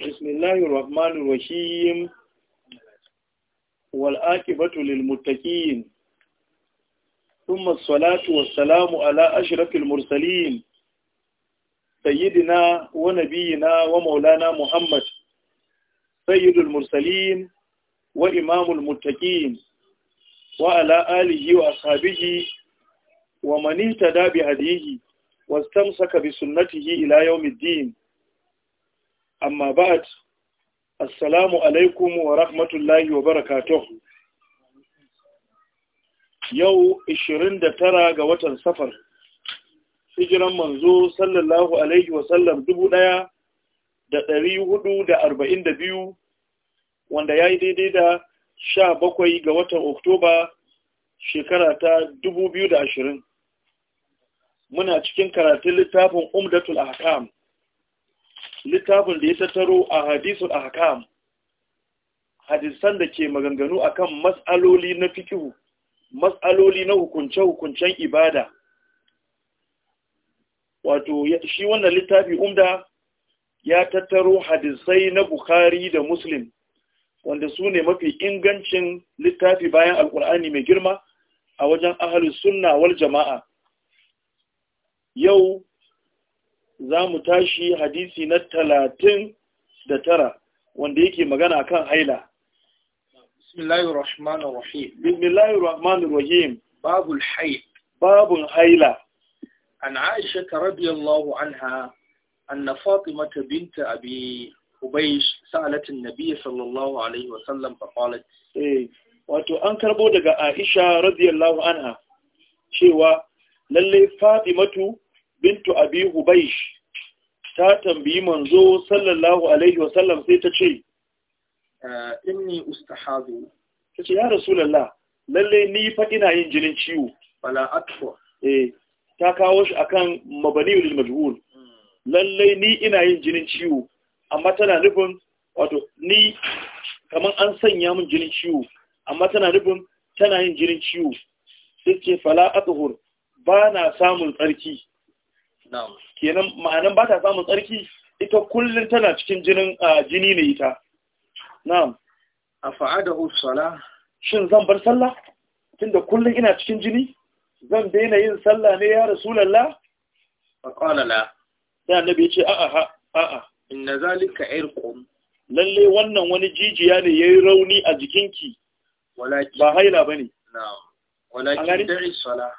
بسم الله الرحمن الرحيم والآكبة للمتقين ثم الصلاة والسلام على أشرف المرسلين سيدنا ونبينا ومولانا محمد سيد المرسلين وإمام المتقين وعلى آله وأصحابه wa ta da bi hadihi saka bi hi ila din. amma ba'd assalamu alaikum wa rahmatullahi wa barakatuh yau 29 ga watan safar hijiran manzo sallallahu alaihi wa sallam biyu wanda yayi daidai da sha bakwai ga watan oktoba shekara ta 2020 muna cikin karatun littafin umdatul ahkam littafin da ya tattaro a hadisul ahkam hadisan da ke maganganu akan matsaloli na fikihu matsaloli na hukunce-hukuncen ibada wato shi wannan littafi umda ya tattaro hadisai na Bukhari da Muslim wanda su ne mafi ingancin littafi bayan Alƙur'ani mai girma a wajen ahalus sunna wal jama'a yau za mu tashi hadisi na talatin da tara wanda yake magana kan haila bismillahir rahmanir rahim babul haid babun haila an aisha radiyallahu anha anna fatimata bint abi hubaysh sa'alat an-nabiy sallallahu alaihi wa sallam fa qalat eh wato an karbo daga aisha radiyallahu anha cewa lalle fatimatu bintu abi hubaish ta tambayi manzo sallallahu alaihi wasallam sai ta ce eh, inni ustahazu ta ce ya rasulullah lalle ni fa ina yin jinin ciwo bala atwa eh ta kawo shi akan mabaniul majhul hmm. lalle ni ina yin jinin ciwo amma tana nufin wato ni kaman an sanya min jinin ciwo amma tana nufin tana yin jinin ciwo sai ce fala atuhur ba na samun tsarki kenan ma'anan ba ta samun tsarki ita kullum tana cikin jinin jini ne ita na'am a fa'adahu sala shin zan bar sallah tunda kullum ina cikin jini zan daina yin sallah ne ya rasulullah fa qala la sai annabi ya ce a'a a inna zalika irqum lalle wannan wani jijiya ne yayi rauni a jikinki walakin ba haila bane na'am walakin da'i sala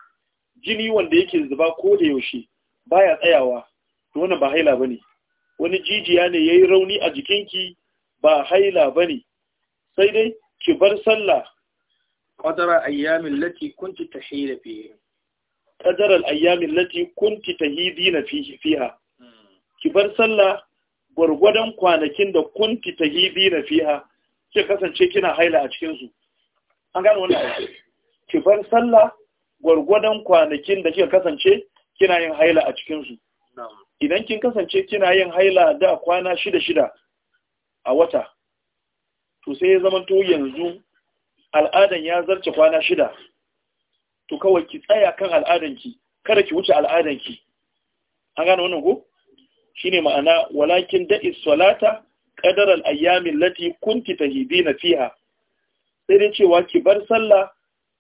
jini wanda yake zuba ko da yaushe baya tsayawa to wannan ba haila bane wani jijiya ne yayi rauni a jikinki ba haila bane sai dai ki bar sallah qadara ayyamin lati kunti tahila fihi qadara ayyamin lati kunti tahidina fihi fiha ki bar sallah gurgudan kwanakin da kunti tahidina fiha ki kasance kina haila a cikin su an gane wannan ki bar sallah gurgudan kwanakin da kika kasance kina yin haila a cikinsu idan kin kasance kina yin haila da kwana shida-shida a wata to sai ya zama to yanzu al'adan ya zarce kwana shida to kawai ki tsaya kan al'adanki kada ki wuce al'adanki an gane wannan ko shine ma'ana walakin da'i salata qadar al-ayyami allati kunti tahibina fiha sai dai cewa ki bar sallah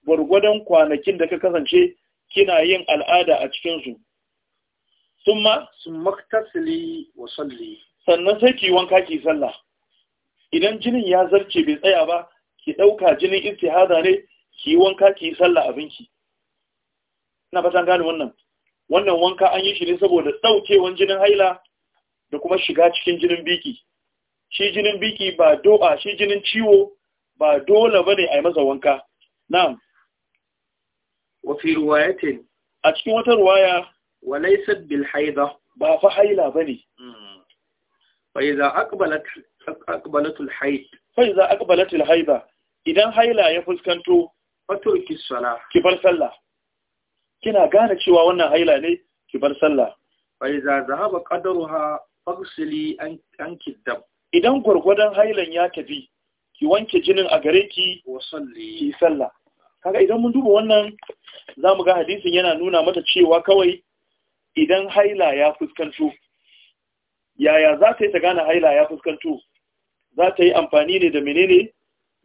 gwargwadon kwanakin da ka kasance kina yin al'ada a cikinsu summa summa tasli wa salli sannan sai ki wanka ki sallah idan jinin ya zarce bai tsaya ba ki ɗauka jinin istihada ne ki wanka ki sallah abinki ina fatan gane wannan wannan wanka an yi shi ne saboda daukewan jinin haila da kuma shiga cikin jinin biki shi jinin biki ba do'a shi jinin ciwo ba dole bane a yi masa wanka na'am wa fi riwayatin a cikin wata riwaya wa laysat bil haidha ba fa haila bane hmm. fa idza aqbalat aqbalat al haid fa idan haila ya fuskanto ki bar sallah kina gane cewa wannan haila ne ki bar sallah fa idza zahaba qadaruha faghsili an idan gurgurdan hailan ya tafi ki wanke jinin a gare ki ki sallah kaga idan mun duba wannan za mu ga hadisin yana nuna mata cewa kawai idan haila ya fuskanto yaya za ta yi ta gane haila ya fuskanto za ta yi amfani ne da menene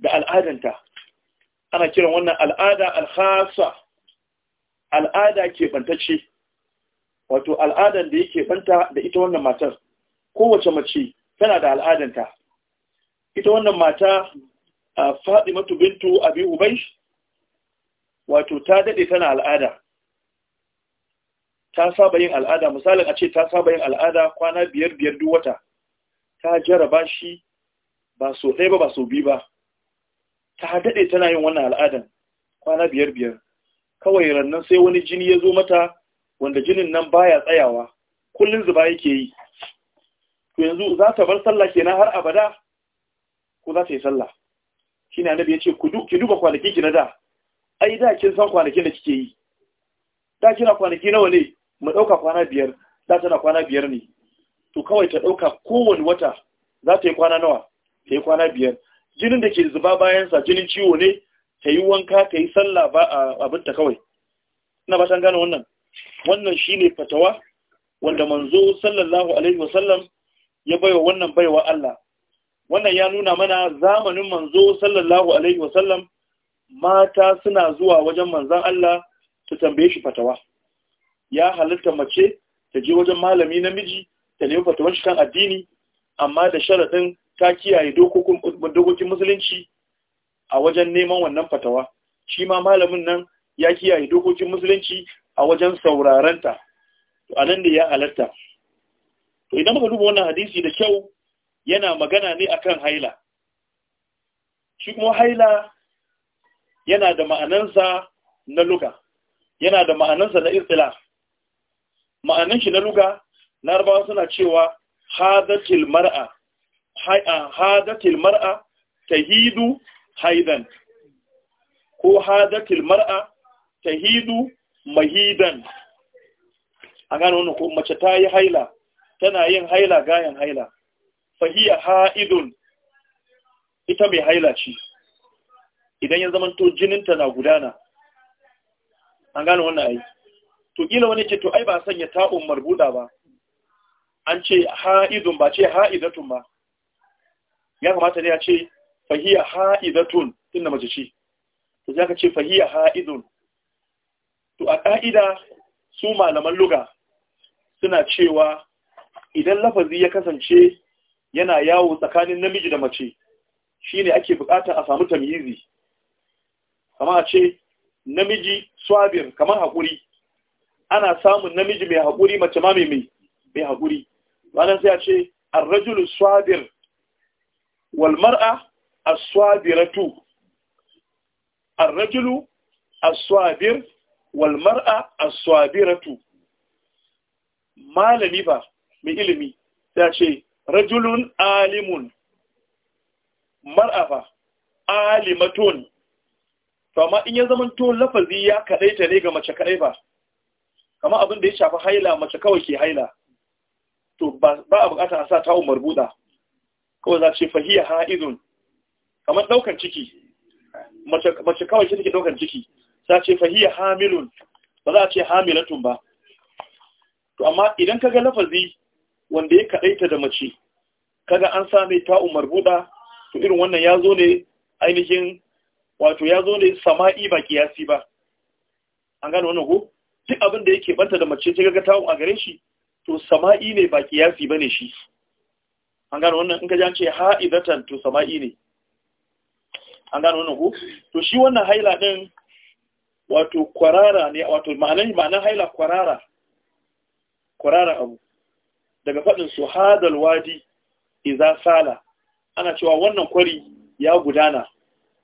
da al'adanta ana kiran wannan al'ada alhasa al'ada keɓantacce wato al'adan da yake banta da ita wannan matar kowace mace tana da al'adanta ita wannan mata a faɗi matubintu bintu abi ubai wato ta daɗe tana al'ada ta saba yin al'ada misalin a ce ta saba yin al'ada kwana biyar biyar duk ta jaraba shi ba so ɗaya ba ba so biyu ba ta daɗe tana yin wannan al'adan kwana biyar biyar kawai rannan sai wani jini ya zo mata wanda jinin nan baya tsayawa kullum zuba yake yi to yanzu za ta bar sallah kenan har abada ko za ta yi sallah shi annabi ya ce ki duba kwanaki ki na da ai da kin san kwanakin da kike yi da kina kwanaki nawa ne mu dauka kwana biyar da tana kwana biyar ne to kawai ta dauka kowane wata za ta yi kwana nawa ta yi kwana biyar jinin da ke zuba bayan sa jinin ciwo ne ta yi wanka ta yi sallah ba abin ta kawai ina ba san gane wannan wannan shine fatawa wanda manzo sallallahu alaihi wasallam ya baiwa wannan baiwa Allah wannan ya nuna mana zamanin manzo sallallahu alaihi wasallam mata suna zuwa wajen manzan Allah ta tambaye shi fatawa ya halitta mace ta je wajen malami namiji ta nemi fatawar shi addini amma da sharaɗin ta kiyaye dokokin musulunci a wajen neman wannan fatawa shi ma malamin nan ya kiyaye dokokin musulunci a wajen saurarenta to anan da ya halatta to idan muka duba wannan hadisi da kyau yana magana ne akan haila shi kuma haila yana da ma'anansa na luga yana da ma'anansa na irtila ma'anan shi na luga larabawa suna cewa hadatil mar'a hadatil mar'a tahidu haidan ko hadatil mar'a tahidu mahidan a gano wannan ko mace ta yi haila tana yin haila gayan haila fahiya ha'idun ita mai haila ce idan ya zama zamanto jininta na gudana an gane wannan ai. to kila wani ce to ai ba sanya ta'un marbuda ba an ce ha'idun ba ce ha'idatun ba ya kamata ne ya ce fahiya ha'idatun tunda mace ce to ya ce fahiya ha'idun to a ka'ida su malaman luga suna cewa idan lafazi ya kasance yana yawo tsakanin namiji da mace shine ake bukatar a samu tamyizi kama a ce namiji swabir kamar haƙuri ana samun namiji mai haƙuri mace ma mai mai haƙuri ranar sai a ce arrajulu swabir walmar'a aswabiratu arrajulu aswabir walmar'a swabiratu malami ba mai ilimi sai a ce rajulun alimun mar'a ba alimatun to amma in ya zama to lafazi ya kadaita ne ga mace kadai ba kamar abin da ya shafi haila mace kawai ke haila to ba a bukatar a sa ta umar buda kawai za ce ha ha'izun kamar daukar ciki mace kawai shi take daukar ciki za ce fahiyar hamilun ba za a ce hamilatun ba to amma idan kaga lafazi wanda ya kadaita da mace kaga an same ta umar buda to irin wannan ya zo ne ainihin wato ya zo ne sama'i ba kiyasi ba an gano wannan ko duk abin da yake banta da mace ta ga tawon a gare shi to sama'i ne ba kiyasi bane shi an gano wannan in ka ji an ce ha'idatan to sama'i ne an gano wannan ko to shi wannan haila din wato kwarara ne wato ma'anar ma'anar haila kwarara kwarara abu daga faɗin su hadal wadi idza sala ana cewa wannan kwari ya gudana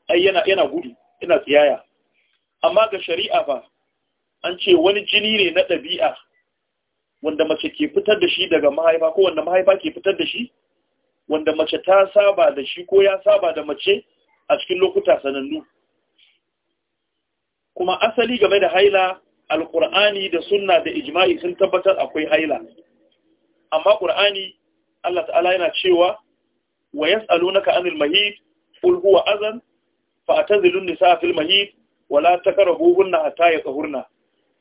ai yana yana gudu yana tsiyaya amma ga shari'a ba an ce wani jini ne na ɗabi'a wanda mace ke fitar da shi daga mahaifa ko wanda mahaifa ke fitar da shi wanda mace ta saba da shi ko ya saba da mace a cikin lokuta sanannu kuma asali game da haila alkur'ani da sunna da ijma'i sun tabbatar akwai haila amma ƙur'ani Allah ta'ala yana cewa wa yas'alunaka anil mahid qul huwa azan fa atazilun fil mahid wala takrabuhunna hatta yaqhurna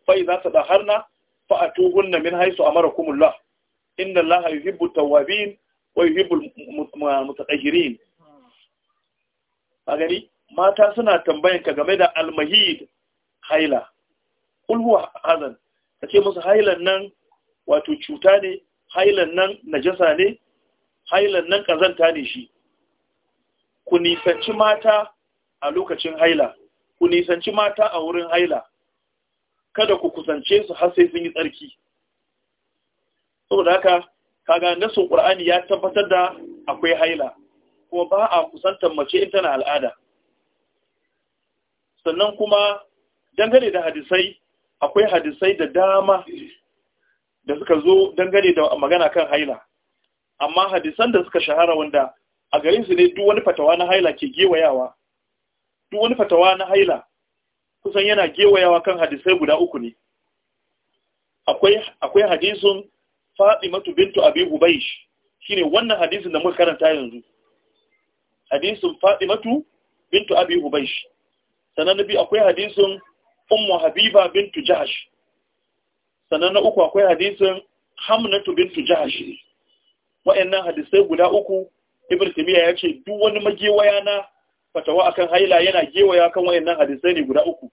fa idza tadaharna fa atuhunna min haythu amarakumullah inna allaha yuhibbu at-tawwabin wa yuhibbu al-mutatahhirin magani mata suna tambayan ka game da al-mahid haila kul huwa hadan kace musu hailan nan wato cuta ne hailan nan najasa ne hailan nan kazanta ne shi ku nisanci mata a lokacin haila ku nisanci mata a wurin haila kada ku kusance su har sai sun yi tsarki saboda haka kaga nasu qur'ani ya tabbatar da akwai haila kuma ba a kusantar mace in tana al'ada sannan kuma dangane da hadisai akwai hadisai da dama da suka zo dangane da magana kan haila amma hadisan da suka shahara wanda a garin su ne duk wani fatawa na haila ke gewayawa duk wani fatawa na haila kusan yana gewayawa kan hadisai guda uku ne akwai hadisun fatimatu bintu abi hubaish shine wannan hadisin da muka karanta yanzu hadisun fatimatu bintu abi hubaish sannan na biyu akwai hadisun ummu habiba bintu jahash sannan na uku akwai hadisin hamnatu bintu jahash wa'annan hadisai guda uku ibn timiya ya ce duk wani magewaya na fatawa akan haila yana gewaya kan wayannan hadisai ne guda uku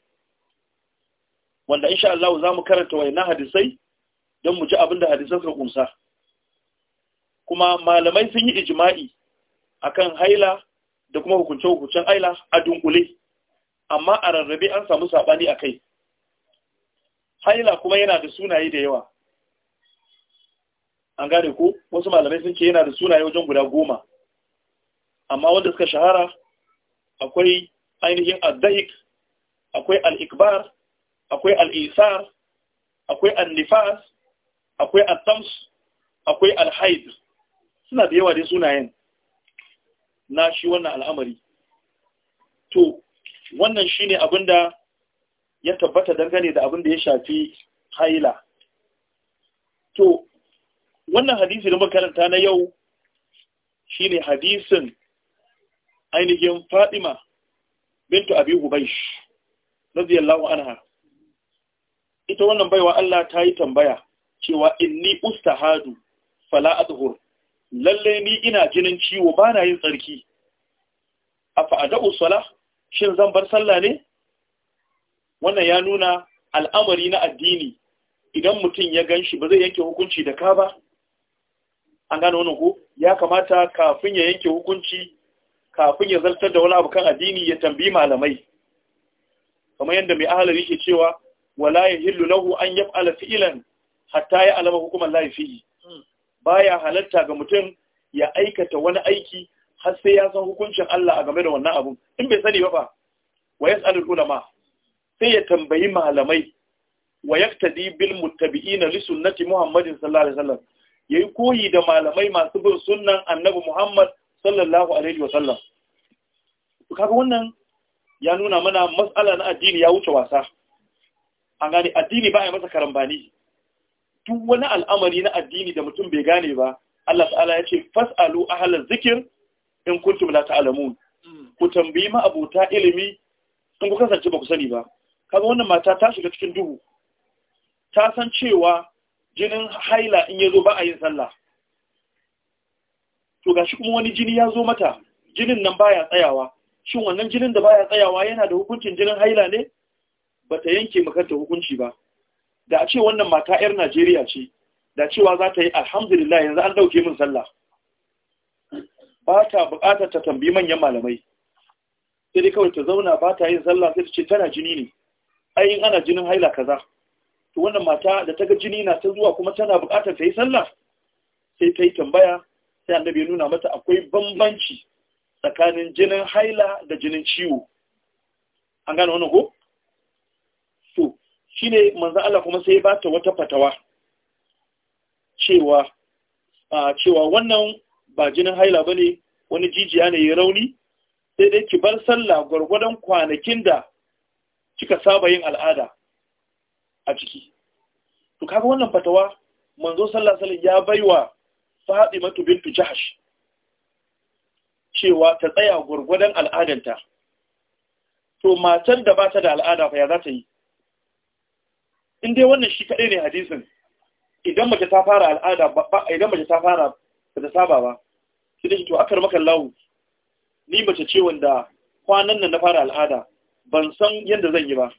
wanda insha Allah za mu karanta wayannan hadisai don mu ji abin da hadisan suka kunsa kuma malamai sun yi ijma'i akan haila da kuma hukunce-hukuncen haila a dunkule amma a rarrabe an samu saɓani a kai haila kuma yana da sunaye da yawa an gane ko wasu malamai sun ce yana da sunaye wajen guda goma amma wanda suka shahara akwai ainihin addaik akwai al-ikbar akwai al-isar akwai al-nifas akwai al-tams akwai al-haid suna da yawa dai sunayen na shi wannan al'amari to wannan shine abinda ya tabbata dangane da abinda ya shafi haila to wannan hadisi da makaranta na yau shine hadisin ainihin Fatima bintu Abi Ubaysh radiyallahu anha ita wannan baiwa Allah ta yi tambaya cewa inni ustahadu fala adhur lalle ni ina jinin ciwo bana yin tsarki afa adau salah shin zan bar sallah ne wannan ya nuna al'amari na addini idan mutum ya ganshi ba zai yanke hukunci da ka ba an gane wannan ko ya kamata kafin ya yanke hukunci kafin ya zartar da wani abu kan addini ya tambayi malamai kamar yadda mai ahalari ke cewa wala ya hillu lahu an yaf'ala fi'lan hatta ya alama hukuman lahi baya halatta ga mutum ya aikata wani aiki har sai ya san hukuncin Allah a game da wannan abun in bai sani ba fa wa yas'alul ulama sai ya tambayi malamai wa yaktadi bil muttabi'in li sunnati Muhammadin sallallahu alaihi wasallam yayi koyi da malamai masu bin sunnan Annabi Muhammad sallallahu alaihi wa sallam kaga wannan ya nuna mana mas'ala na addini ya wuce wasa an gane addini ba ya masa karambani duk wani al'amari na addini da mutum bai gane ba Allah ta'ala ya ce fas'alu ahlaz zikr in kuntum la ta'lamun ku tambayi ma abota ilimi in ku kasance ba ku sani ba kaga wannan mata ta shiga cikin duhu ta san cewa jinin haila in yazo ba a yin sallah to gashi kuma wani jini ya zo mata jinin nan baya tsayawa shin wannan jinin da baya tsayawa yana da hukuncin jinin haila ne Ba ta yanke makanta hukunci ba da a ce wannan mata yar Najeriya ce da cewa za ta yi alhamdulillah yanzu an dauke min sallah ba ta bukatar ta tambayi manyan malamai sai dai kawai ta zauna ba ta yin sallah sai ta ce tana jini ne ai in ana jinin haila kaza to wannan mata da ta ga jini na ta zuwa kuma tana bukatar ta yi sallah sai ta yi tambaya sai annabi ya nuna mata akwai bambanci tsakanin jinin haila da jinin ciwo an gane wannan ko to shine manzo Allah kuma sai ya bata wata fatawa cewa a cewa wannan ba jinin haila ne wani jijiya ne ya rauni sai dai ki bar sallah gwargwadon kwanakin da kika saba yin al'ada a ciki to kaga wannan fatawa manzo sallallahu alaihi wasallam ya baiwa Fadimatu bintu Jahsh cewa ta tsaya gurgudan al'adanta to matan da ba ta da al'ada fa ya za ta yi in dai wannan shi kaɗai ne hadisin idan mace ta fara al'ada ba idan mace ta fara ba ta saba ba sai dai to akar maka lawu ni mace ce wanda kwanan nan na fara al'ada ban san yadda zan yi ba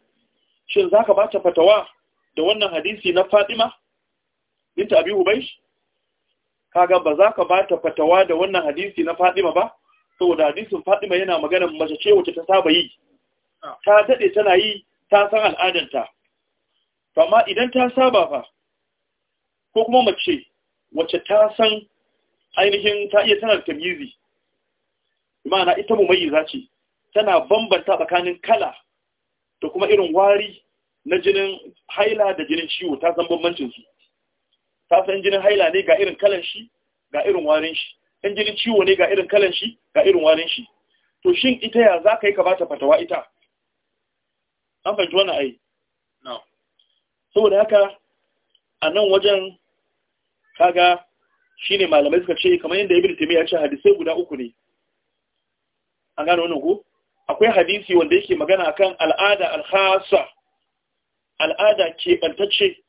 shin zaka ba ta fatawa da wannan hadisi na Fatima binta Abi Hubaysh kaga ba za ka ba ta fatawa da wannan hadisi na Fadima ba saboda hadisin Fadima yana magana mace ce wacce ta saba yi ah. ta dade tana yi ta san al'adanta amma idan ta saba fa ko kuma mace wacce ta san ainihin ta iya sanar tamyizi ma'ana ita za ce tana bambanta tsakanin kala da kuma irin wari na jinin haila da jinin ciwo ta san bambancin su ta san jinin haila ne ga irin kalan shi ga irin warin shi in jinin ciwo ne ga irin kalan shi ga irin warin shi to shin ita ya za ka yi ka ba ta fatawa ita an fahimci wannan ai saboda haka a nan wajen kaga shi ne malamai suka ce kamar yadda ibn taymiya ya ce hadisai guda uku ne an gano wani ko akwai hadisi wanda yake magana akan al'ada al khasa al'ada ke bantacce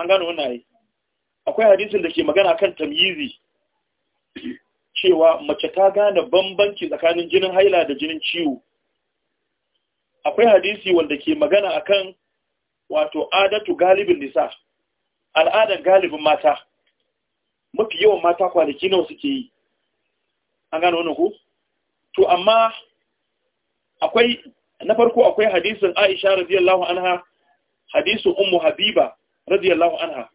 an gano wannan yi akwai hadisin da ke magana kan tamyizi cewa mace ta gane bambanci tsakanin jinin haila da jinin ciwo akwai hadisi wanda ke magana akan wato adatu galibin nisa al'adar galibin mata mafi yawan mata kwanaki nawa suke yi an gano wani ku to amma akwai na farko akwai hadisin aisha radiyallahu anha hadisin ummu habiba radiyallahu anha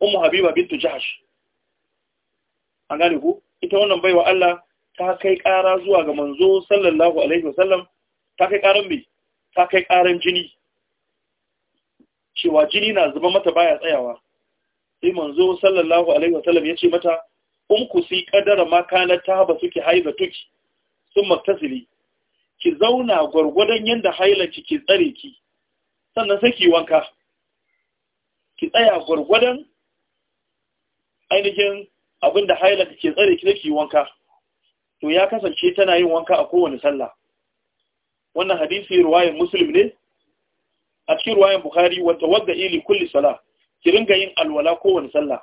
ummu habiba bintu jahsh an gane ku ita wannan baiwa Allah ta kai ƙara zuwa ga manzo sallallahu alaihi wasallam ta kai ƙaran me, ta kai ƙaran jini cewa jini na zuba mata baya tsayawa sai manzo sallallahu alaihi wasallam ya ce mata si kadara ma kana ta ba suke haiba tuki sun maktasili ki zauna gwargwadon yadda ki, ke tsare ki sannan sai ki wanka ki tsaya gwargwadon ainihin abin da haila ke tsare ki da ki wanka to ya kasance tana yin wanka a kowane sallah wannan hadisi ruwayan muslim ne a cikin ruwayan bukhari wata wadda ili kulli sala ki ringa yin alwala kowane sallah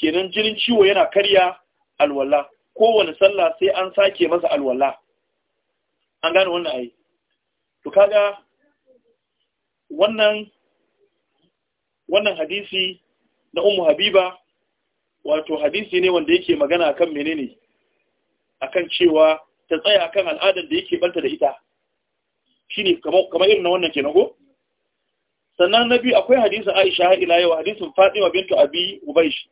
kenan jinin ciwo yana karya alwala kowane sallah sai an sake masa alwala an gane wannan ayi to kaga wannan wannan hadisi na umu habiba wato hadisi ne wanda yake magana akan menene akan cewa ta tsaya akan al'adar da yake banta da ita shine kamar irin wannan ke nago sannan na biyu akwai hadisin aisha har ila yau hadisin fatima bintu abi Ubaysh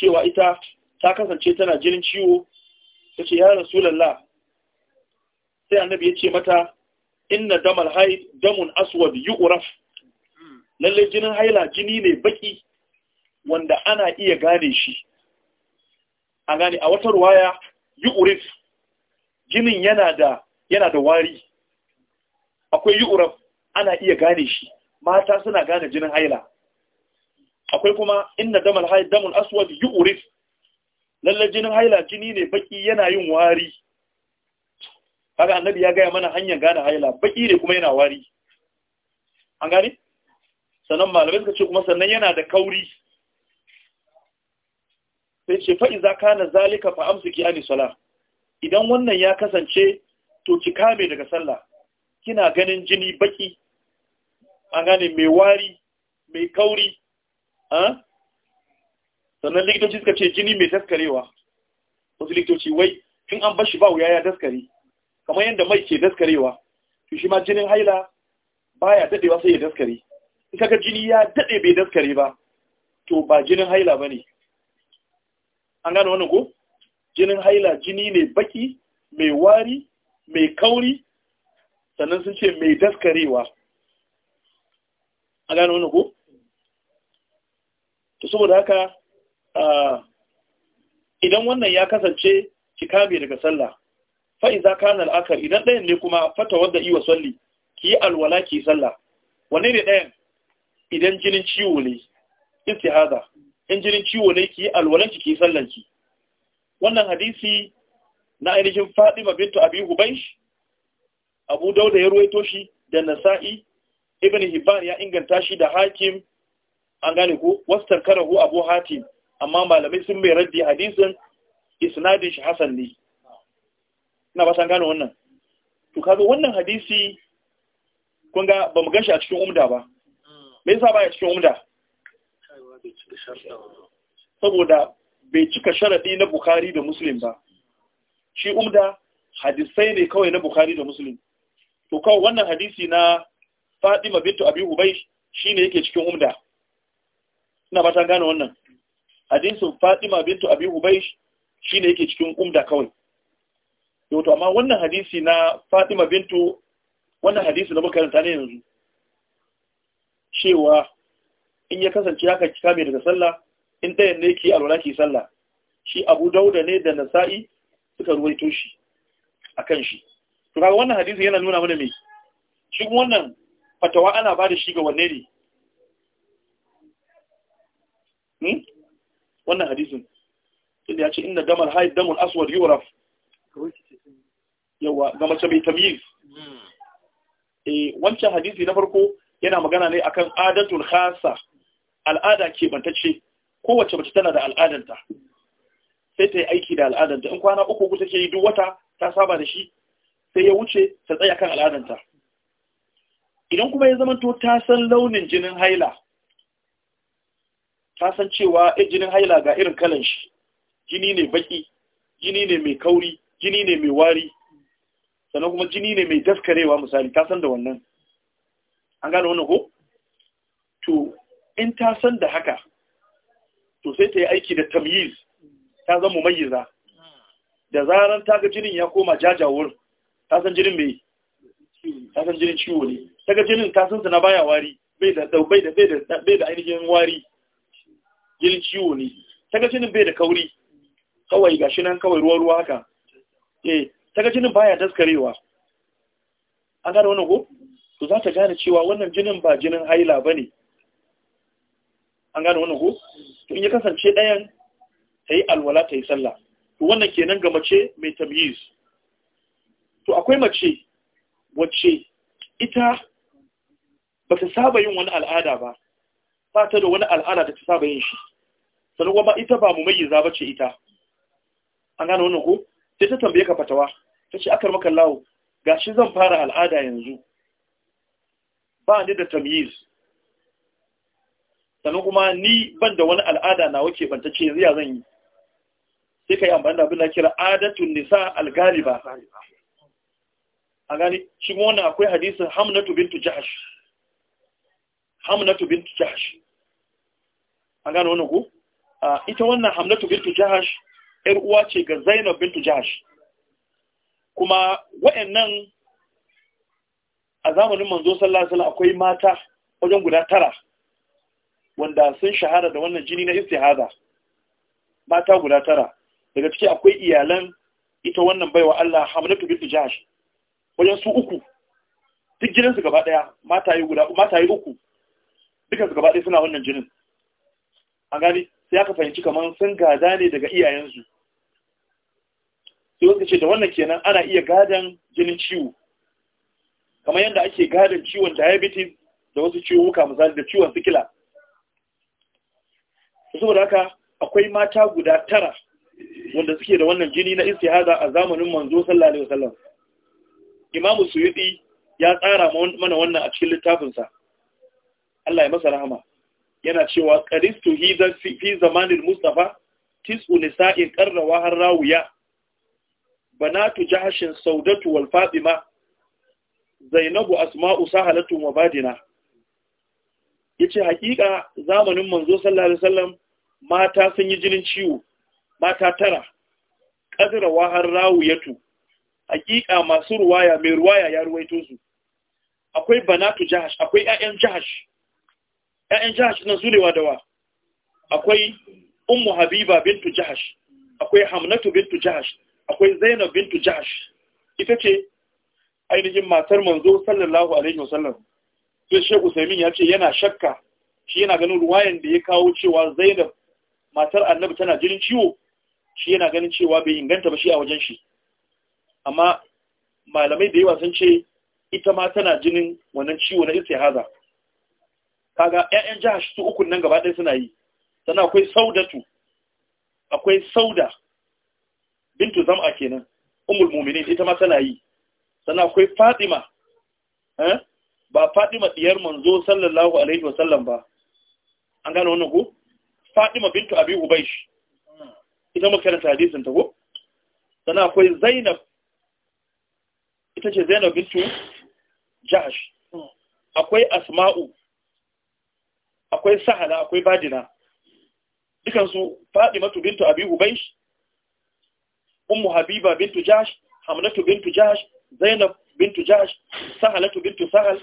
cewa ita ta kasance tana jinin ciwo tace ya rasulallah sai annabi ya ce mata inna damal haid damun aswad yu'raf lalle jinin haila jini ne baki wanda ana iya gane shi a gane a wata ruwaya yu'urif jinin yana da yana da wari akwai yu'urif ana iya gane shi mata suna gane jinin haila akwai kuma inna damal haid damul aswad yu'urif lalle jinin haila jini ne baki yana yin wari kaga annabi ya gaya mana hanyar gane haila baki ne kuma yana wari an gane sannan malamai suka ce kuma sannan yana da kauri sai ce fa'iza kana zalika fa amsiki ani sala idan wannan ya kasance to ki kame daga sallah kina ganin jini baki an gane mai wari mai kauri sannan likitoci suka ce jini mai daskarewa wasu likitoci wai in an bashi ba wuya ya daskare kamar yadda mai ke daskarewa to shi ma jinin haila baya dadewa sai ya daskare in kaga jini ya daɗe bai daskare ba to ba jinin haila ba ne an gane wannan ko jinin haila jini ne baki mai wari mai kauri sannan sun ce mai daskarewa an gane wannan ko to saboda haka idan wannan ya kasance ki kame daga sallah fa iza kana al idan ɗayan ne kuma fata wadda iwa salli ki alwala ki sallah wanne ne ɗayan idan jinin ciwo ne istihaza in jinin ciwo ne ki alwalan ki ki sallan ki wannan hadisi na ainihin Fatima bintu Abi Hubaysh Abu Dauda ya ruwaito shi da Nasa'i Ibn Hibban ya inganta shi da Hakim an gane ko wastar karahu Abu Hatim amma malamai sun mai raddi hadisin isnadin shi hasan ne ina ba san gane wannan to kaga wannan hadisi kun ga bamu gashi a cikin umda ba me yasa baya cikin umda saboda bai cika sharadi na bukhari da muslim ba shi umda hadisai ne kawai na bukhari da muslim to kawai wannan hadisi na fatima bintu abi ubay shine yake cikin umda ina ba ta gane wannan hadisin fatima bintu abi ubay shine yake cikin umda kawai yau to amma wannan hadisi na fatima bintu wannan hadisi da muka karanta ne yanzu cewa in ya kasance haka ki kame daga sallah in ɗayan ne ki alwala ki sallah shi abu dauda ne da nasa'i suka ruwaito shi a kan shi to kaga wannan hadisi yana nuna mana me shi wannan fatawa ana ba da shi ga wanne ne hmm? wannan hadisin inda ya ce inna damar haid damul aswad yuraf yawa ga mace mai tamyiz hmm. eh wancan hadisi na farko yana magana ne akan adatul khasa al'ada ke bantacce kowace mace tana da al'adanta sai ta yi aiki da al'adanta in kwana uku take yi duk wata ta saba da shi sai ya wuce ta tsaya kan al'adanta idan kuma ya zamanto ta san launin jinin haila ta san cewa eh, jinin haila ga irin kalan shi jini ne baki jini ne mai kauri jini ne mai wari sannan kuma jini ne mai daskarewa misali ta san da wannan an gane wani ko to in ta san da haka to sai ta yi aiki da tamyiz ta zama mayyiza da zaran ta ga jinin ya koma jajawar ta san jinin mai ta san jinin ciwo ne ta ga jinin ta san na baya wari bai da bai da bai da ainihin wari jinin ciwo ne ta ga jinin bai da kauri kawai gashi nan kawai ruwa ruwa haka eh ta ga jinin baya daskarewa an gane wani ko to za ta gane cewa wannan jinin ba jinin haila ba ne an gane wannan ko to in ya kasance ɗayan ta yi alwala ta yi sallah to wannan kenan ga mace mai tamyiz to akwai mace wacce ita ba ta saba yin wani al'ada ba ba ta da wani al'ada da ta saba yin shi sannan kuma ita ba mu mayyiza ba ce ita an gane wannan ko sai ta tambaye ka fatawa ta ce akar maka lawo gashi zan fara al'ada yanzu ba ni da tamyiz sannan kuma ni ban da wani al'ada na wake bantacce ce ziya zan yi sai ka yi amfani da abin da kira adatun nisa algaliba a gani shi wannan akwai hadisin hamnatu bintu jahash hamnatu bintu jahash A gani wannan ko ita wannan hamnatu bintu jahash yar uwa ce ga zainab bintu jahash kuma wa'annan a zamanin manzo sallallahu alaihi wasallam akwai mata wajen guda tara wanda sun shahara da wannan jini na istihada mata guda tara daga ciki akwai iyalan ita wannan baiwa Allah Hamdatu bint Jahsh wajen su uku duk jinin su gaba daya yi guda yi uku duka su gaba daya suna wannan jinin an gani sai aka fahimci kaman sun gada ne daga iyayensu sai wanda ce da wannan kenan ana iya gadan jinin ciwo kamar yadda ake gadon ciwon diabetes da wasu ciwuka misali da ciwon sikila saboda haka akwai mata guda tara wanda suke da wannan jini na istihada a zamanin manzo sallallahu alaihi wasallam imamu suyudi ya tsara mana wannan a cikin littafinsa Allah ya masa rahama yana cewa qaristu hizan fi zamanil mustafa tis'u nisa'in qarrawa har rawuya banatu jahashin saudatu wal fatima zainabu asma'u sahalatun wa badina yace hakika zamanin manzo sallallahu alaihi wasallam mata sun yi jinin ciwo mata tara kadira wa har rawiyatu hakika masu ruwaya mai ruwaya ya ruwaito su akwai banatu jahash akwai ƴaƴan jahash ƴaƴan jahash nan su ne wa dawa akwai ummu habiba bintu jahash akwai hamnatu bintu jahash akwai zainab bintu jahash ita ce ainihin matar manzo sallallahu alaihi wasallam sai Sheikh Usaimin ya ce yana shakka shi yana ganin ruwayan da ya kawo cewa Zainab matar Annabi tana jinin ciwo shi yana ganin cewa bai inganta ba shi a wajen shi amma malamai da yawa sun ce ita ma tana jinin wannan ciwo na haza. kaga ƴaƴan jihar su uku nan gaba ɗaya suna yi sannan akwai saudatu akwai sauda bintu zam'a kenan ummul mu'minin ita ma tana yi sannan akwai fadima. Eh, ba fadima diyar manzo sallallahu alaihi wa sallam ba an gane wannan ko fadima bintu abi ubaysh ita karanta hadisin ta ko sannan akwai zainab ita ce zainab bintu jahsh akwai asma'u akwai sahala akwai badina su fadima bintu abi ubaish ummu habiba bintu jahsh hamnatu bintu jahsh zainab bintu jash sahalatu bintu sahal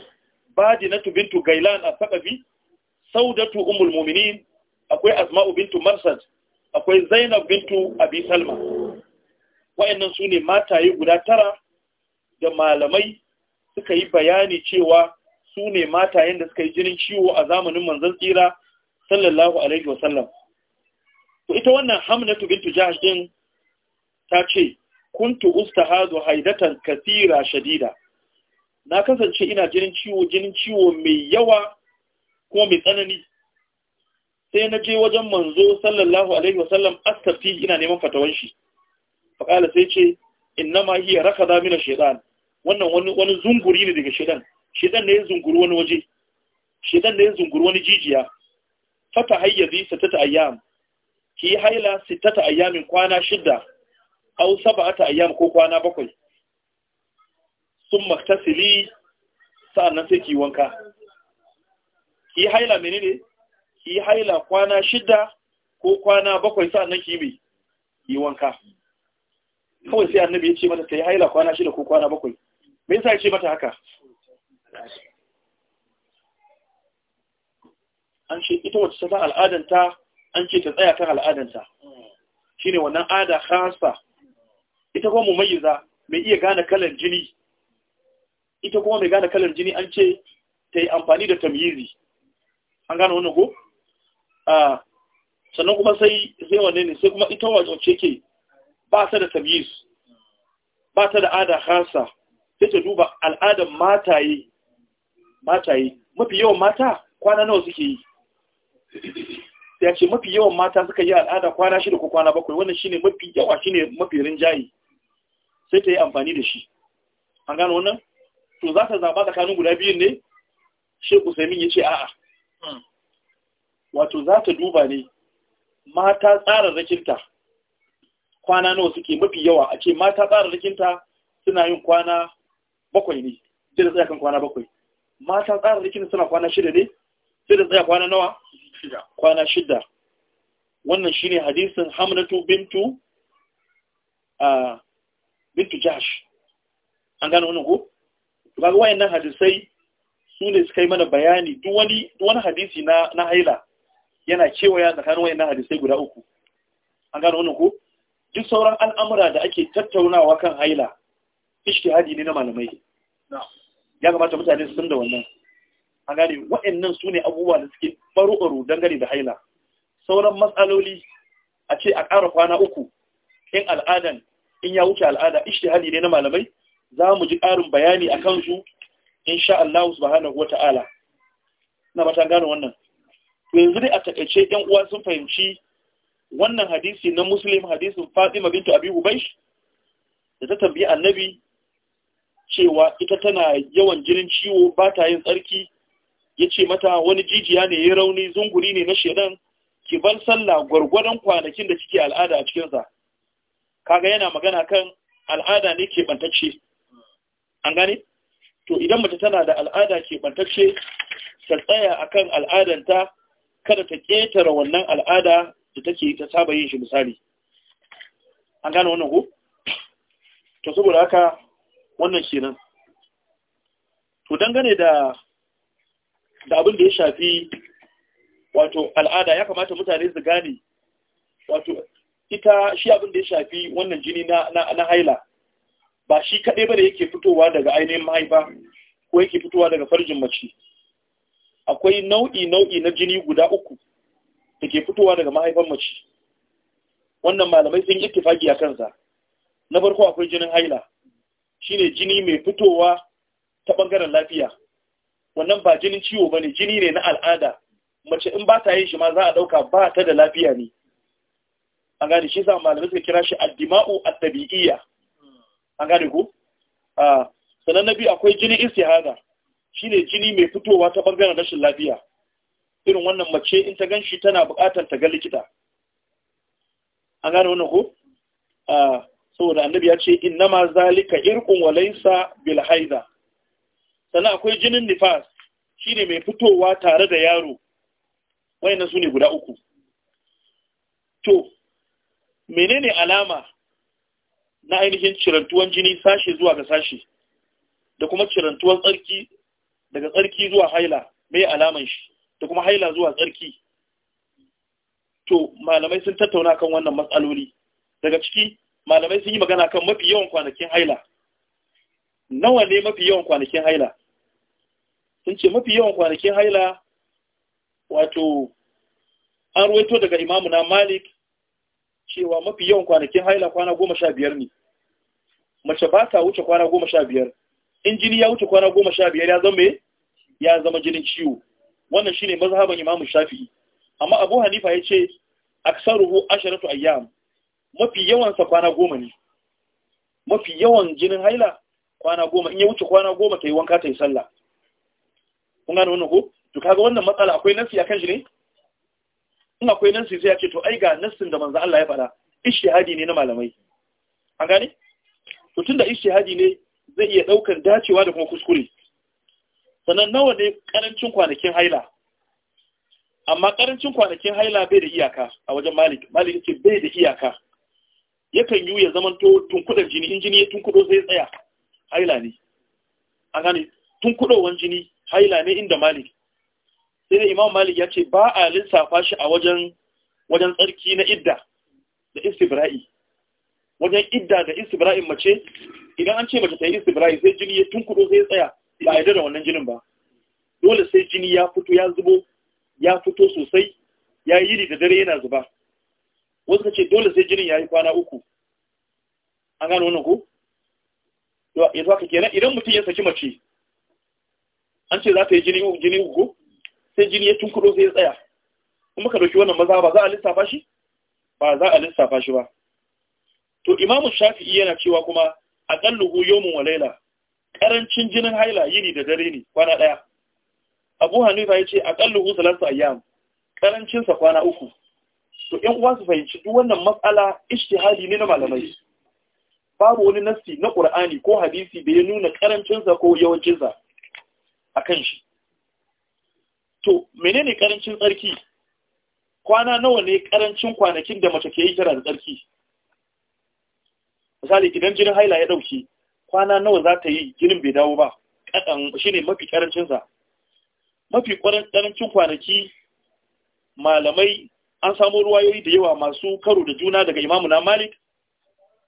badinatu bintu gailan a saƙafi saudatu Ummul muminin akwai asma'u bintu marsad akwai zainab bintu abi salma wa'annan su ne mataye guda tara da malamai suka yi bayani cewa su ne matayen da suka yi jinin ciwo a zamanin manzon tsira sallallahu alaihi wasallam to ita wannan hamnatu bintu Jihar din ta ce kuntu ustahadu haidatan kathira shadida na kasance ina jinin ciwo jinin ciwo mai yawa ko mai tsanani sai na je wajen manzo sallallahu alaihi wasallam astafi ina neman fatawan shi sai ce ma hiya rakada min ash-shaytan wannan wani wani zunguri ne daga shaytan shaytan ne ya zunguri wani waje shaytan ne ya zunguri wani jijiya fata hayyazi satata ayyam ki haila sittata ayyamin kwana shidda aw sab'ata ayyam ko kwana bakwai summa tasili sa'annan sai ki wanka ki haila menene ki haila kwana shida ko kwana bakwai sa'annan ki bi yi wanka kawai sai annabi ya ce mata ta yi haila kwana shida ko kwana bakwai me yasa ya ce mata haka an ce ita wacce ta al'adanta an ce ta tsaya kan al'adanta shine wannan ada khasa ita kuma mumayyiza mai iya gane kalar jini ita kuma mai gane kalar jini an ce ta yi amfani da tamyizi an gane wani ko a sannan kuma sai zai wanne ne sai kuma ita wajen ke ba ta da tamyiz ba ta da ada khasa sai ta duba al'adar mataye mataye mafi yawan mata kwana nawa suke yi ya ce mafi yawan mata suka yi al'ada kwana shida ko kwana bakwai wannan shine mafi yawa shine mafi rinjaye sai ta yi amfani da shi an gano wannan to za ta zaba tsakanin guda biyun ne shi usaimin ya ce a'a hmm. wato za ta duba ne mata tsara rakinta kwana nawa suke mafi yawa a ce mata tsara rakinta suna yin kwana bakwai ne sai da tsaya kan kwana bakwai mata tsara rikin suna kwana shida ne sai da tsaya kwana nawa kwana shida wannan shine hadisin hamnatu bintu a ah, bintu jash an gano wannan ko to kaga wayannan hadisai su ne suka yi mana bayani duk wani duk wani hadisi na na haila yana kewaya tsakanin wayannan hadisai guda uku an gano wannan ko duk sauran al'amura da ake tattaunawa kan haila hadi ne na malamai ya kamata mutane su san da wannan an gane nan su ne abubuwa da suke faru'aru don dangane da haila sauran matsaloli a ce a ƙara kwana uku in al'adan in ya wuce al'ada hali ne na malamai za mu ji ƙarin bayani a kansu insha Allah subhanahu wata'ala na matan gano wannan to yanzu dai a takaice 'yan uwa sun fahimci wannan hadisi na muslim hadisin Fatima bintu Abi Hubaysh da ta tambayi annabi cewa ita tana yawan jinin ciwo ba ta yin tsarki ya ce mata wani jijiya ne ya rauni zunguri ne na shedan ki bar sallah gwargwadon kwanakin da kike al'ada a cikinsa kaga yana magana kan al'ada ne ke bantacce an gane to idan mace tana da al'ada ke bantacce ta tsaya akan al'adanta kada ta ketara wannan al'ada da take ta saba yin shi misali an gane wannan ko to saboda haka wannan kenan to dangane da da abin da ya shafi wato al'ada ya kamata mutane su gane wato ita shi abin da ya shafi wannan jini na haila ba shi kaɗai ba da yake fitowa daga ainihin mahaifa ko yake fitowa daga farjin mace akwai nau'i nau'i na jini guda uku da ke fitowa daga mahaifan mace wannan malamai sun yi tafagi a kansa na farko akwai jinin haila shine jini mai fitowa ta ɓangaren lafiya wannan ba jinin ciwo ba ne, jini ne na al'ada mace in ba ta yin shi ma za a ɗauka ba ta da lafiya ne an gane shi sa malamai suka kira shi addima'u at-tabi'iyya an gane ku? a sanan nabi akwai jini istihada shine jini mai fitowa ta bangaren rashin lafiya irin wannan mace in ta ganshi tana bukatar ta ga likita an gane wannan ku a saboda annabi ya ce innama zalika irqun wa laysa bil haida sannan akwai jinin nifas shine mai fitowa tare da yaro wayannan sune guda uku to menene alama na ainihin cirantuwan jini sashe zuwa ga sashe da kuma cirantuwan tsarki daga tsarki zuwa haila mai alaman shi da kuma haila zuwa tsarki to malamai sun tattauna kan wannan matsaloli daga ciki malamai sun yi magana kan mafi yawan kwanakin haila nawa ne mafi yawan kwanakin haila sun ce mafi yawan kwanakin haila wato an ruwaito daga imamu na malik cewa mafi yawan kwanakin haila kwana goma sha biyar ne mace ba ta wuce kwana goma sha biyar in jini ya wuce kwana goma sha biyar ya zama ya zama jinin ciwo wannan shi ne mazhaban imamu shafi'i amma abu hanifa ya ce aksaruhu asharatu ayyam mafi yawansa kwana goma ne mafi yawan jinin haila kwana goma in ya wuce kwana goma ta yi wanka ta yi sallah kun gane wannan ko to kaga wannan matsala akwai nasi akan shi ne in akwai nan sai ya ce to ai ga nassin da manzo Allah ya faɗa ishtihadi ne na malamai an gane to tunda ishtihadi ne zai iya daukan dacewa da kuma kuskure sanan nawa ne karancin kwanakin haila amma karancin kwanakin haila bai da iyaka a wajen malik malik yake bai da iyaka yakan yi ya to tunkudan jini in jini ya tunkudo sai tsaya haila ne an gane tunkudowan jini haila ne inda malik sai imam malik ya ce ba a lissafa shi a wajen wajen tsarki na idda da istibra'i wajen idda da istibra'i mace idan an ce mace ta yi istibra'i sai jini ya tunkudo sai tsaya ba a yarda da wannan jinin ba dole sai jini ya fito ya zubo ya fito sosai ya yi da dare yana zuba wasu ce dole sai jinin ya yi kwana uku an gano wannan ko yanzu haka kenan idan mutum ya saki mace an ce za ta yi jini uku sai jini ya tunkudo sai ya tsaya kuma ka dauki wannan maza ba za a lissafa shi ba za a lissafa shi ba to imamu shafi'i yana cewa kuma a luhu yawmun wa Laila, karancin jinin haila yini da dare ne kwana daya abu hanifa yace luhu salatu ayyam karancin sa kwana uku to ƴan uwa su fahimci duk wannan matsala ishtihadi ne na malamai babu wani nassi na qur'ani ko hadisi da ya nuna karancin sa ko yawancin sa akan shi to menene karancin tsarki kwana nawa ne karancin kwanakin da mace ke yi kira da tsarki misali idan jinin haila ya dauke kwana nawa za ta yi jinin bai dawo ba shine mafi karancin sa mafi karancin kwanaki malamai an samu ruwayoyi da yawa masu karo da juna daga imamu na malik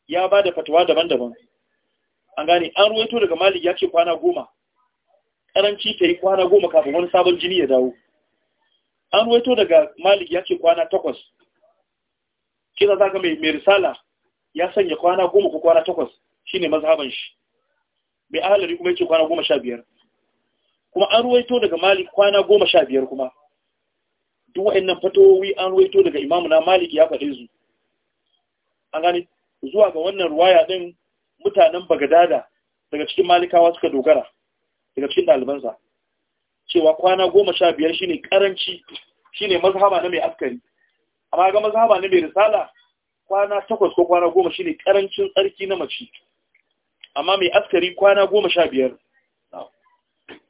ya ba da fatawa daban-daban an gane an ruwaito daga malik ya ce kwana goma karanci ta yi kwana goma kafin wani sabon jini ya dawo an waito daga malik ya ce kwana takwas kisa za ka mai risala ya sanya kwana goma ko kwana takwas shi ne mazhaban shi mai ahalari kuma ya ce kwana goma sha biyar kuma an ruwaito daga malik kwana goma sha biyar kuma duk wa'annan fatowi an ruwaito daga imamu na malik ya faɗe su an gani zuwa ga wannan ruwaya ɗin mutanen bagadada daga cikin malikawa suka dogara daga cikin dalibansa, cewa kwana goma sha biyar shine karanci shine mazhaba na mai askari amma ga mazhaba na mai risala kwana takwas ko kwana goma shine karancin tsarki na mace amma mai askari kwana goma sha biyar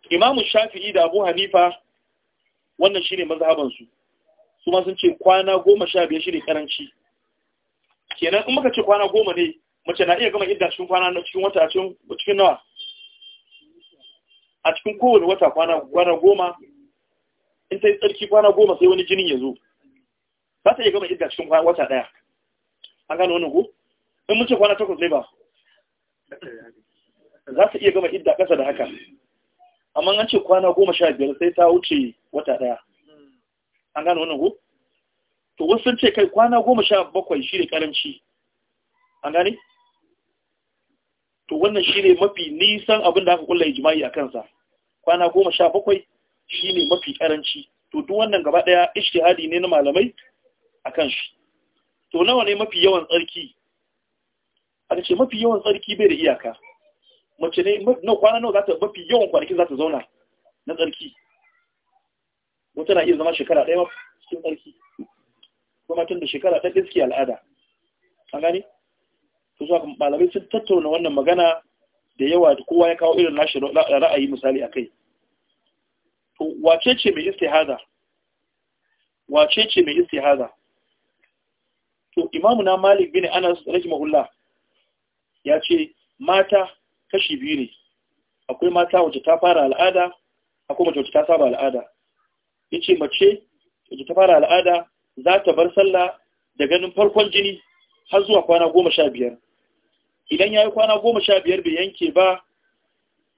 imamu shafi'i da abu hanifa wannan shine mazhabansu su ma sun ce kwana goma sha biyar shine karanci kenan in muka ce kwana goma ne mace na iya gama idda cikin kwana cikin wata cikin nawa a cikin kowane wata kwana goma in ta yi tsarki kwana goma sai wani jinin ya zo ba ta iya gama idda cikin kwana wata daya an gano wani ko in mun ce kwana takwas ne ba za ta iya gama idda kasa da haka amma an ce kwana goma sha biyar sai ta wuce wata daya an gano wani ko to wasu sun ce kai kwana goma sha bakwai shi ne karanci an gane to wannan shine mafi nisan abin da aka kulla ijma'i a kansa kwana goma sha bakwai shine mafi karanci to duk wannan gaba ɗaya ijtihadi ne na malamai kan shi to nawa ne mafi yawan tsarki aka ce mafi yawan tsarki bai da iyaka mace ne na kwana nawa zata mafi yawan kwanaki zata zauna na tsarki wata na iya zama shekara ɗaya cikin tsarki kuma tun da shekara ɗaya suke al'ada an gane su malamai sun tattauna wannan magana da yawa da kowa ya kawo irin nashi ra'ayi misali a kai to wace ce mai istihaza wace ce mai istihaza to imamu na malik bin anas rahimahullah ya ce mata kashi biyu ne akwai mata wacce ta fara al'ada akwai mace wacce ta saba al'ada Ya ce mace wacce ta fara al'ada za ta bar sallah da ganin farkon jini har zuwa kwana goma sha biyar idan ya yi kwana goma sha biyar bai yanke ba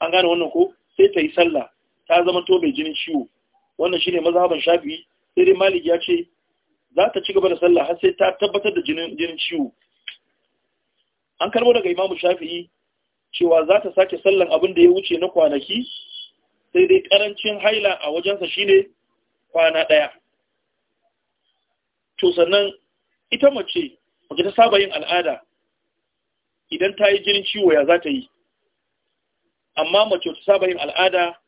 an gane wannan ko sai ta yi sallah ta zama to mai jinin ciwo wannan shine mazhaban shafi'i sai dai malik ya ce za ta ci gaba da sallah har sai ta tabbatar da jinin ciwo an karbo daga imamu shafi'i cewa za ta sake sallan abin da ya wuce na kwanaki sai dai karancin haila a wajensa shine kwana ɗaya to sannan ita mace mace ta saba yin al'ada idan ta yi jinin ciwo ya za ta yi amma mace ta saba yin al'ada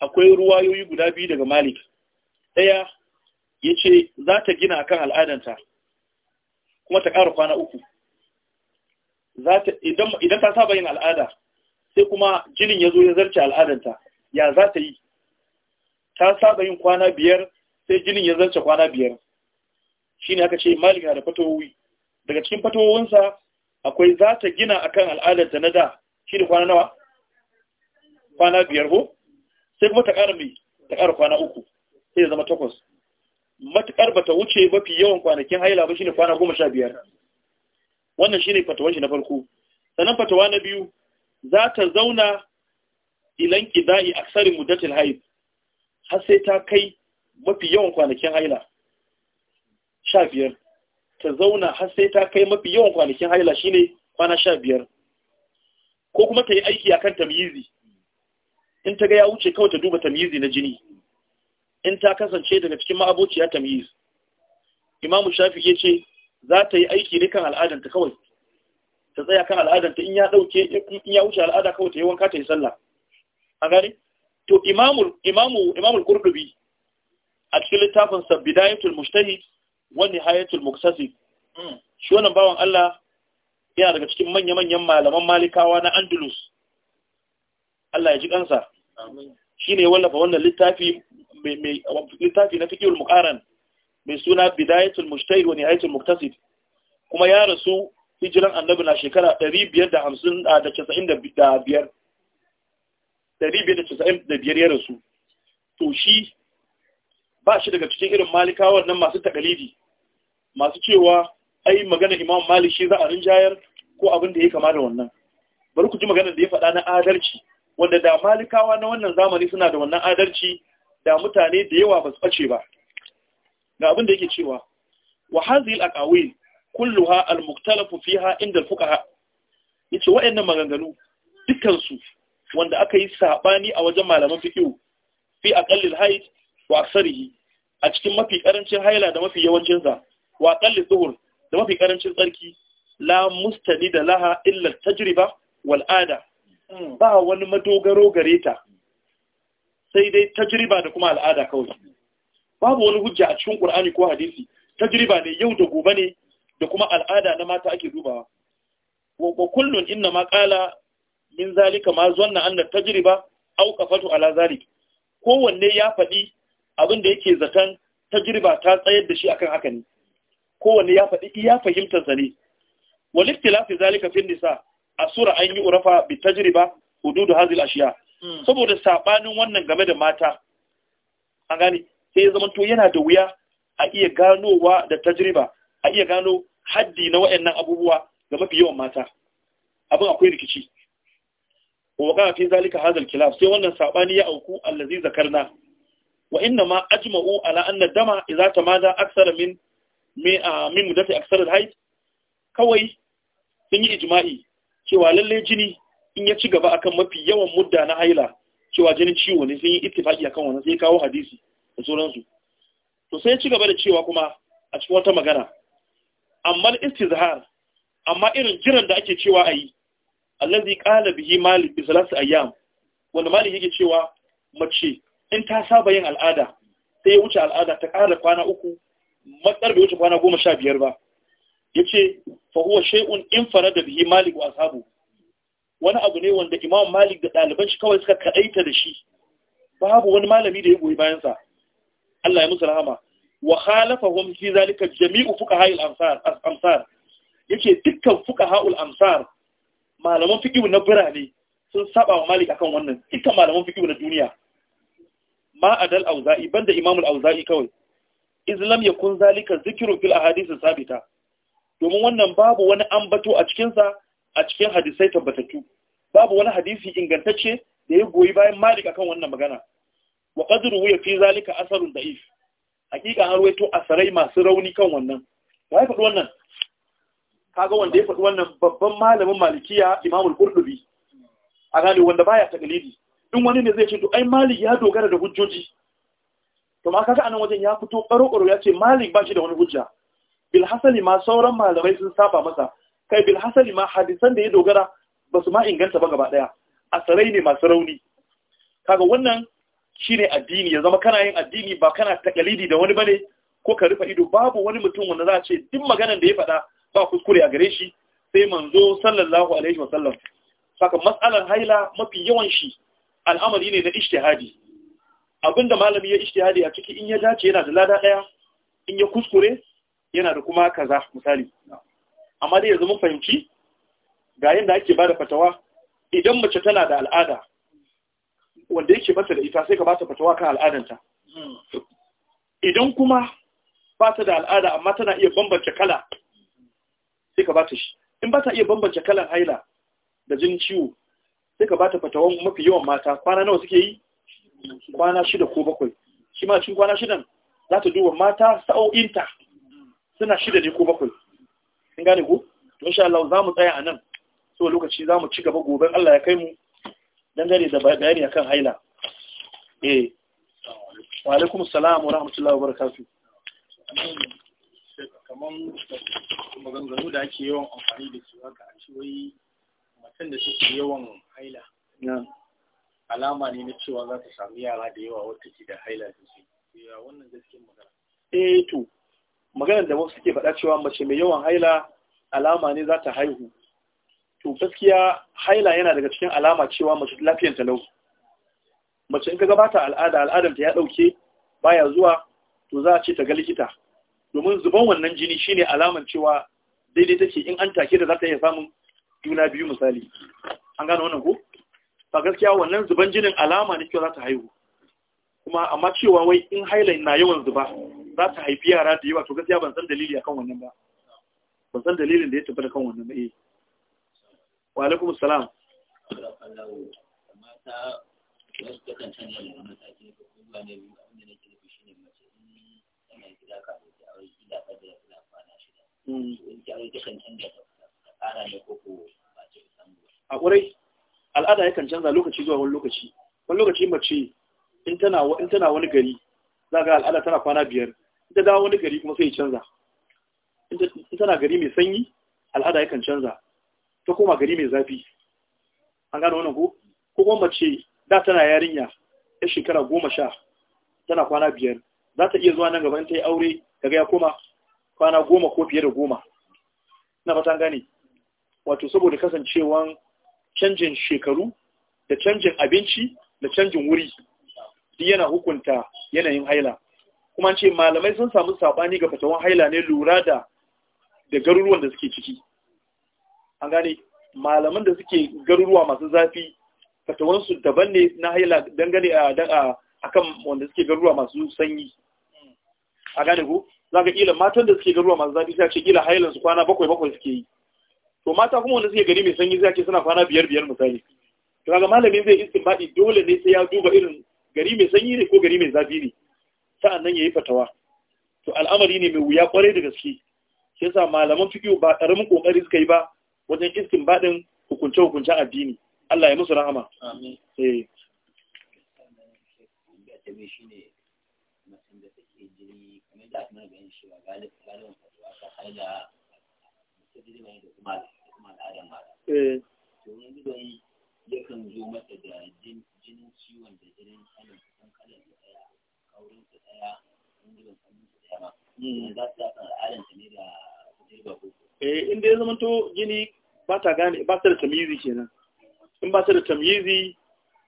akwai ruwayoyi guda biyu daga malik ɗaya ya ce za ta gina akan al'adanta kuma ta ƙara kwana uku idan ta saba yin al'ada sai kuma jinin ya zo ya zarce al'adanta ya za ta yi ta saba yin kwana biyar sai jinin ya zarce kwana biyar shi ne aka ce malik na da fatowi daga cikin fatowinsa akwai za ta gina kan al'adarta na da shi da kwana nawa kwana biyar ko sai kuma ta ƙara mai ta ƙara kwana uku sai ya zama takwas matuƙar ba ta wuce mafi yawan kwanakin haila ba shi ne kwana goma sha biyar wannan shi ne fatawan shi na farko sannan fatawa na biyu za ta zauna ilan ƙida'i a tsarin muddatin haif har sai ta kai mafi yawan kwanakin haila sha biyar ta zauna har sai ta kai mafi yawan kwanakin haila shine kwana sha biyar ko kuma ta yi aiki akan tamyizi in ta ga ya wuce kawai ta duba tamyizi na jini in ta kasance daga cikin ma'abociya tamyiz imamu shafi ya ce za ta yi aiki ne kan al'adanta kawai ta tsaya kan al'adanta in ya dauke in ya wuce al'ada kawai ta yi wanka ta yi sallah a gani to imamu imamu imamu qurtubi a cikin littafin sabidayatul mujtahid wani hayatul muktasi hmm. shi wannan bawan Allah yana daga cikin manya-manyan malaman malikawa na andalus Allah ya ji kansa shi ne wallafa wannan littafi na fikiyar mukaran mai suna bidayatul mujtahid wani hayatul muktasid kuma ya rasu hijiran annabi na shekara 595 595 ah, ya rasu to shi ba shi daga cikin irin malikawa nan masu takalidi masu cewa ai magana imam malik shi za a rinjayar ko abin da ya kama da wannan bari ku ji magana da ya faɗa na adalci wanda da malikawa na wannan zamani suna da wannan adalci da mutane da yawa ba su ɓace ba ga abin da yake cewa wa hazil aqawil kulluha al-muktalafu fiha inda al-fuqaha yace wayannan maganganu dukkan su wanda aka yi sabani a wajen malaman fiqh fi aqallil hayd wa aksarihi a cikin mafi karancin haila da mafi yawancin za wa aqalli zuhur da mafi karancin tsarki la mustani da laha illa tajriba wal ada ba wani madogaro gare ta sai dai tajriba da kuma al'ada kawai babu wani hujja a cikin qur'ani ko hadisi tajriba ne yau da gobe ne da kuma al'ada na mata ake dubawa wa kullun inna ma qala min zalika ma zanna anna tajriba aw qafatu ala zalik kowanne ya faɗi abin da yake zaton tajriba ta tsayar da shi akan haka ne kowanne ya faɗi iya fahimtarsa ne wal ikhtilafi zalika fi nisa a sura an yi urafa bi tajriba hududu hazil ashiya hmm. saboda sabanin wannan game da mata an gane sai ya zama to yana da wuya a iya ganowa da tajriba a iya gano haddi na waɗannan abubuwa ga mafi yawan mata abin akwai rikici wa ga fi zalika hadal kilaf sai wannan sabani ya auku allazi zakarna wa inna ma ajma'u ala anna dama idza tamada aksara min min aksar aksarar haid kawai sun yi ijma'i cewa lallai jini in ya ci gaba akan mafi yawan mudda na haila cewa jinin ciwo ne sun yi ittifaki akan wannan sai kawo hadisi da sauransu to sai ya ci gaba da cewa kuma a cikin wata magana amma istizhar amma irin jiran da ake cewa ayi allazi qala bihi malik bi thalath ayyam wanda malik yake cewa mace in ta saba yin al'ada sai ya wuce al'ada ta kara kwana uku matsar bai wuce kwana goma sha biyar ba ya ce fahuwa sha'un in fara da bihi malik wa sabu wani abu ne wanda imam malik da ɗaliban shi kawai suka kaɗaita da shi babu wani malami da ya goyi bayansa Allah ya musu rahama wa khalafahum fi zalika jami'u fuqaha al-amsar Ya yace dukkan fuqaha al-amsar malaman fiqh na birane sun saba wa malik akan wannan dukkan malaman fiqh na duniya ma adal auza'i banda imam al-auza'i kawai islam ya kun zalika zikiru fil ahadisi sabita domin wannan babu wani ambato a cikinsa a cikin hadisai tabbatattu babu wani hadisi ingantacce da ya goyi bayan malik akan wannan magana wa qadruhu ya fi zalika asarun da'if hakika an ruwaito asarai masu rauni kan wannan wa ya faɗi wannan kaga wanda ya faɗi wannan babban malamin malikiya al qurtubi a gane wanda baya takalidi din wani ne zai ce to ai malik ya dogara da hujjoji to ma kaga anan wajen ya fito ƙaro ya ce malik ba shi da wani hujja bil hasali ma sauran malamai sun saba masa kai bil hasali ma hadisan da ya dogara ba su ma inganta ba gaba daya sarai ne masu rauni kaga wannan shine addini ya zama kana yin addini ba kana takalidi da wani bane ko ka rufe ido babu wani mutum wanda za a ce duk maganar da ya faɗa ba kuskure a gare shi sai manzo sallallahu alaihi wa sallam saka matsalar haila mafi yawan shi al'amari ne na ishtihadi abinda malami ya ishtihadi a ciki in ya dace yana da lada daya in ya kuskure yana da kuma kaza misali amma dai yanzu mun fahimci ga yanda ake bada fatawa idan mace tana da al'ada wanda yake bata da ita sai ka bata fatawa kan al'adanta idan kuma bata da al'ada amma tana iya bambance kala sai ka bata shi in bata iya bambance kalan haila da jinin ciwo sai ka bata fatawan mafi yawan mata kwana nawa suke yi kwana shida ko bakwai shi ma cin kwana shidan za ta duba mata sa'o'inta suna shida ne ko bakwai sun gane ku to insha Allah za mu tsaya a nan so lokaci za mu ci gaba gobe Allah ya kai mu gane da bayani akan haila eh wa alaikum salam wa rahmatullahi wa barakatuh kaman maganganu da ake yawan amfani da su haka a shi wai matan da suke yawan haila alama ne na cewa za ta sami yara da yawa wata ke da haila da su ya wannan gaskiyar magana eh to maganar da wasu suke faɗa cewa mace mai yawan haila alama ne za ta haihu to gaskiya haila yana daga cikin alama cewa mace lafiyar talau mace in ka gabata al'ada al'adar ta ya ɗauke baya zuwa to za a ce ta ga likita domin zuban wannan jini shine alaman cewa daidai take in an take da za ta iya samun juna biyu misali an gane wannan ko ba gaskiya wannan zuban jinin alama ne kyau za ta haihu kuma amma cewa wai in hailan na yawan zuba za ta haifi yara da yawa to gaskiya ban san dalili akan wannan ba ban san dalilin da ya tabbata kan wannan ba eh wa alaikum salam Mm. al'ada yakan canza lokaci zuwa wani lokaci wani lokaci mace in tana wani gari za ga al'ada tana kwana biyar in ta dawo wani gari kuma sai ya canza in tana gari mai sanyi al'ada yakan canza ta koma gari mai zafi an gano wannan ko ko kuma mace da tana yarinya ta shekara goma sha tana kwana biyar za ta iya zuwa nan gaba in ta yi aure daga ya koma kwana goma ko fiye da goma na fatan gane wato saboda kasancewan canjin shekaru da canjin abinci da canjin wuri duk yana hukunta yanayin haila kuma ce malamai sun samu sabani ga fatawan haila ne lura da da garuruwan da suke ciki an gane malaman da suke garuruwa masu zafi su daban ne na haila dangane a akan wanda suke garuruwa masu sanyi a gane ko za ka kila matan da suke garuruwa masu zafi sai ce kila hailan su kwana bakwai bakwai suke yi to mata kuma wanda suke gari mai sanyi zai ce suna kwana biyar biyar misali to kaga malamin zai istinbadi dole ne sai ya duba irin gari mai sanyi ne ko gari mai zafi ne ya yi fatawa to al'amari ne mai wuya kwarai da gaske shi yasa malaman fiqh ba karamin kokari suka yi ba wajen istinbadin hukunce hukuncen addini Allah ya musu rahama amin eh da Eh. yakan da inda ya zamanto gini ba ta gane ba ta da tamizi kenan in ba ta da tamizi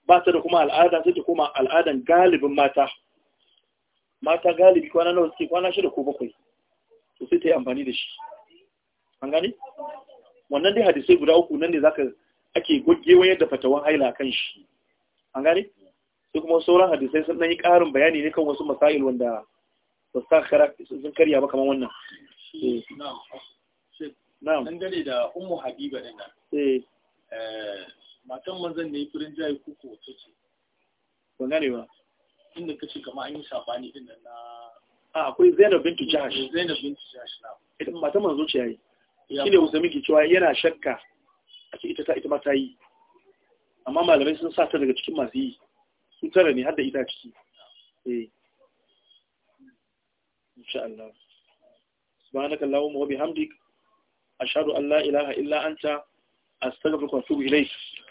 ba ta da kuma al'ada sai ta koma al'adan galibin mata mata galibi kwana nawa suke kwana shida ko bakwai sai ta yi amfani da shi an gani wannan dai hadisai guda uku nan ne zaka ake goggewa yadda fatawan haila kan shi an gani sai kuma sauran hadisai sun dan yi ƙarin bayani ne kan wasu masail wanda ba sa kara sun karya ba kamar wannan eh. na'am dangane da ummu habiba din eh. eh, matan manzon furin jayi kuku ce ban gane ba inda kace kamar an yi sabani din nan na a ah, akwai Zainab bintu Jahash Zainab bintu Jahash na ita matan manzo ce ya yi. shi ne musamman ke cewa yana shakka a ce ita ta ita ma ta yi amma malamai sun sa ta daga cikin masu yi su tara ne har da ita ciki eh insha Allah subhanaka allahumma wa bihamdik ashhadu an la ilaha illa anta astaghfiruka wa atubu ilayk